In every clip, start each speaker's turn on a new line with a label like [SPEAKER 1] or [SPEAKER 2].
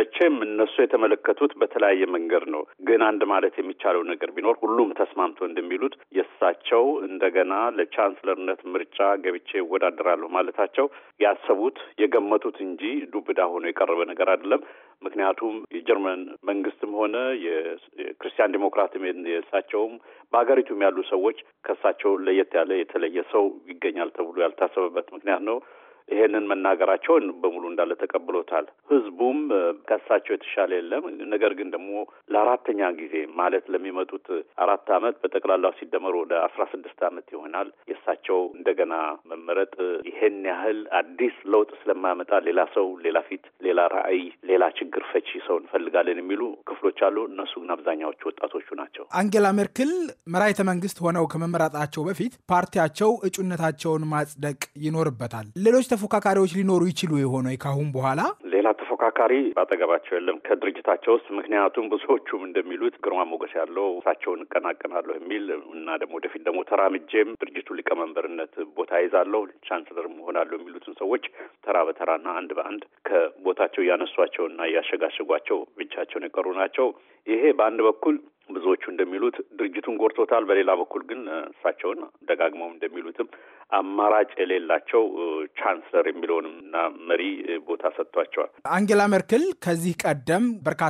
[SPEAKER 1] መቼም እነሱ የተመለከቱት በተለያየ መንገድ ነው። ግን አንድ ማለት የሚቻለው ነገር ቢኖር ሁሉም ተስማምቶ እንደሚሉት የእሳቸው እንደገና ለቻንስለርነት ምርጫ ገብቼ ይወዳደራሉ ማለታቸው ያሰቡት የገመቱት እንጂ ዱብዳ ሆኖ የቀረበ ነገር አይደለም። ምክንያቱም የጀርመን መንግስትም ሆነ የክርስቲያን ዲሞክራትም የእሳቸውም በሀገሪቱም ያሉ ሰዎች ከእሳቸው ለየት ያለ የተለየ ሰው ይገኛል ተብሎ ያልታሰበበት ምክንያት ነው። ይሄንን መናገራቸውን በሙሉ እንዳለ ተቀብሎታል። ህዝቡም ከሳቸው የተሻለ የለም። ነገር ግን ደግሞ ለአራተኛ ጊዜ ማለት ለሚመጡት አራት አመት በጠቅላላው ሲደመሩ ወደ አስራ ስድስት አመት ይሆናል። የእሳቸው እንደገና መመረጥ ይሄን ያህል አዲስ ለውጥ ስለማያመጣ ሌላ ሰው፣ ሌላ ፊት፣ ሌላ ራዕይ፣ ሌላ ችግር ፈቺ ሰው እንፈልጋለን የሚሉ ክፍሎች አሉ። እነሱ ግን አብዛኛዎቹ ወጣቶቹ ናቸው። አንጌላ
[SPEAKER 2] ሜርክል መራይተ መንግስት ሆነው ከመመረጣቸው በፊት ፓርቲያቸው እጩነታቸውን ማጽደቅ ይኖርበታል። ሌሎች ተፎካካሪዎች ሊኖሩ ይችሉ የሆነ ካሁን በኋላ
[SPEAKER 1] ሌላ ተፎካካሪ በአጠገባቸው የለም ከድርጅታቸው ውስጥ። ምክንያቱም ብዙዎቹም እንደሚሉት ግርማ ሞገስ ያለው እሳቸውን እቀናቀናለሁ የሚል እና ደግሞ ወደፊት ደግሞ ተራምጄም ድርጅቱ ሊቀመንበርነት ቦታ ይዛለሁ፣ ቻንስለር መሆናለሁ የሚሉትን ሰዎች ተራ በተራና አንድ በአንድ ከቦታቸው እያነሷቸውና እያሸጋሸጓቸው ብቻቸውን የቀሩ ናቸው። ይሄ በአንድ በኩል ብዙዎቹ እንደሚሉት ድርጅቱን ጎድቶታል። በሌላ በኩል ግን እሳቸውን ደጋግመው እንደሚሉትም አማራጭ የሌላቸው ቻንስለር የሚለውንም እና መሪ ቦታ ሰጥቷቸዋል።
[SPEAKER 2] አንጌላ ሜርክል ከዚህ ቀደም በርካታ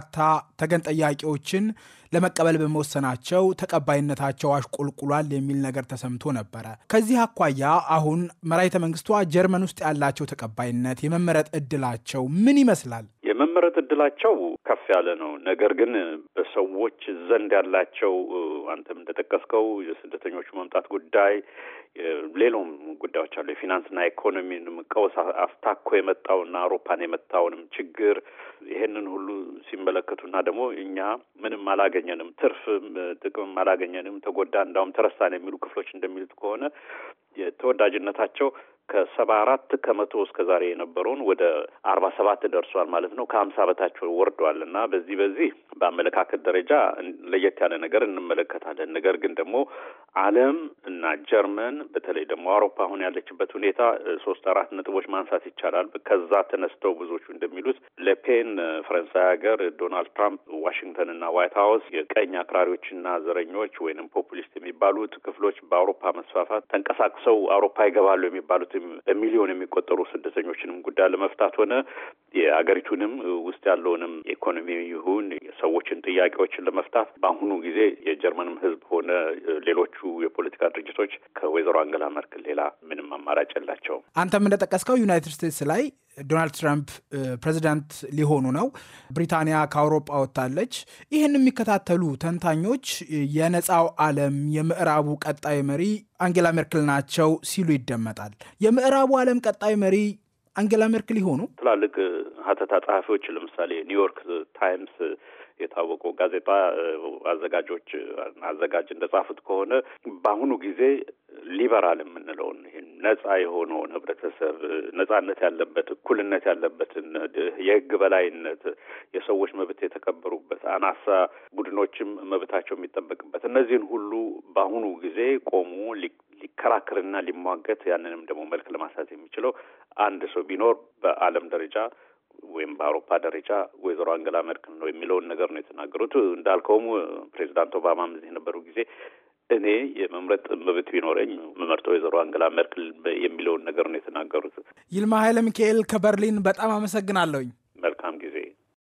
[SPEAKER 2] ተገን ጠያቂዎችን ለመቀበል በመወሰናቸው ተቀባይነታቸው አሽቆልቁሏል የሚል ነገር ተሰምቶ ነበረ። ከዚህ አኳያ አሁን መራሒተ መንግስቷ ጀርመን ውስጥ ያላቸው ተቀባይነት የመመረጥ እድላቸው ምን ይመስላል?
[SPEAKER 1] የመመረጥ እድላቸው ከፍ ያለ ነው። ነገር ግን በሰዎች ዘንድ ያላቸው አንተም እንደጠቀስከው የስደተኞቹ መምጣት ጉዳይ፣ ሌሎም ጉዳዮች አሉ። የፊናንስና ኢኮኖሚንም ቀውስ አስታኮ የመጣውና አውሮፓን የመታውንም ችግር ይሄንን ሁሉ ሲመለከቱና ደግሞ እኛ ምንም አላገኘንም፣ ትርፍ ጥቅምም አላገኘንም፣ ተጎዳ እንዳውም ተረሳን የሚሉ ክፍሎች እንደሚሉት ከሆነ የተወዳጅነታቸው ከሰባ አራት ከመቶ እስከ ዛሬ የነበረውን ወደ አርባ ሰባት ደርሷል ማለት ነው። ከሀምሳ በታች ወርዷል እና በዚህ በዚህ በአመለካከት ደረጃ ለየት ያለ ነገር እንመለከታለን። ነገር ግን ደግሞ ዓለም እና ጀርመን በተለይ ደግሞ አውሮፓ አሁን ያለችበት ሁኔታ ሶስት አራት ነጥቦች ማንሳት ይቻላል። ከዛ ተነስተው ብዙዎቹ እንደሚሉት ለፔን ፈረንሳይ ሀገር፣ ዶናልድ ትራምፕ ዋሽንግተን እና ዋይት ሀውስ የቀኝ አክራሪዎችና ዘረኞች ወይንም ፖፑሊስት የሚባሉት ክፍሎች በአውሮፓ መስፋፋት ተንቀሳቅሰ ሰው አውሮፓ ይገባሉ የሚባሉት በሚሊዮን የሚቆጠሩ ስደተኞችንም ጉዳይ ለመፍታት ሆነ የአገሪቱንም ውስጥ ያለውንም ኢኮኖሚ ይሁን የሰዎችን ጥያቄዎችን ለመፍታት በአሁኑ ጊዜ የጀርመንም ህዝብ ሆነ ሌሎቹ የፖለቲካ ድርጅቶች ከወይዘሮ አንገላ መርክል ሌላ ምንም አማራጭ የላቸውም።
[SPEAKER 2] አንተም እንደጠቀስከው ዩናይትድ ስቴትስ ላይ ዶናልድ ትራምፕ ፕሬዚዳንት ሊሆኑ ነው። ብሪታንያ ከአውሮፓ ወጥታለች። ይህን የሚከታተሉ ተንታኞች የነፃው ዓለም የምዕራቡ ቀጣይ መሪ አንጌላ ሜርክል ናቸው ሲሉ ይደመጣል። የምዕራቡ ዓለም ቀጣይ መሪ አንጌላ ሜርክል ይሆኑ?
[SPEAKER 1] ትላልቅ ሀተታ ጸሐፊዎች ለምሳሌ ኒውዮርክ ታይምስ የታወቁ ጋዜጣ አዘጋጆች አዘጋጅ እንደጻፉት ከሆነ በአሁኑ ጊዜ ሊበራል የምንለውን ነጻ የሆነውን ህብረተሰብ ነጻነት ያለበት እኩልነት ያለበትን የህግ በላይነት የሰዎች መብት የተከበሩበት አናሳ ቡድኖችም መብታቸው የሚጠበቅበት እነዚህን ሁሉ በአሁኑ ጊዜ ቆሙ ሊከራከርና ሊሟገት ያንንም ደግሞ መልክ ለማሳት የሚችለው አንድ ሰው ቢኖር በዓለም ደረጃ ወይም በአውሮፓ ደረጃ ወይዘሮ አንገላ መርክል ነው የሚለውን ነገር ነው የተናገሩት። እንዳልከውም ፕሬዚዳንት ኦባማም እዚህ የነበሩ ጊዜ እኔ የመምረጥ መብት ቢኖረኝ መመርጠው ወይዘሮ አንገላ ሜርክል የሚለውን ነገር
[SPEAKER 2] ነው የተናገሩት። ይልማ ኃይለ ሚካኤል ከበርሊን በጣም አመሰግናለሁኝ።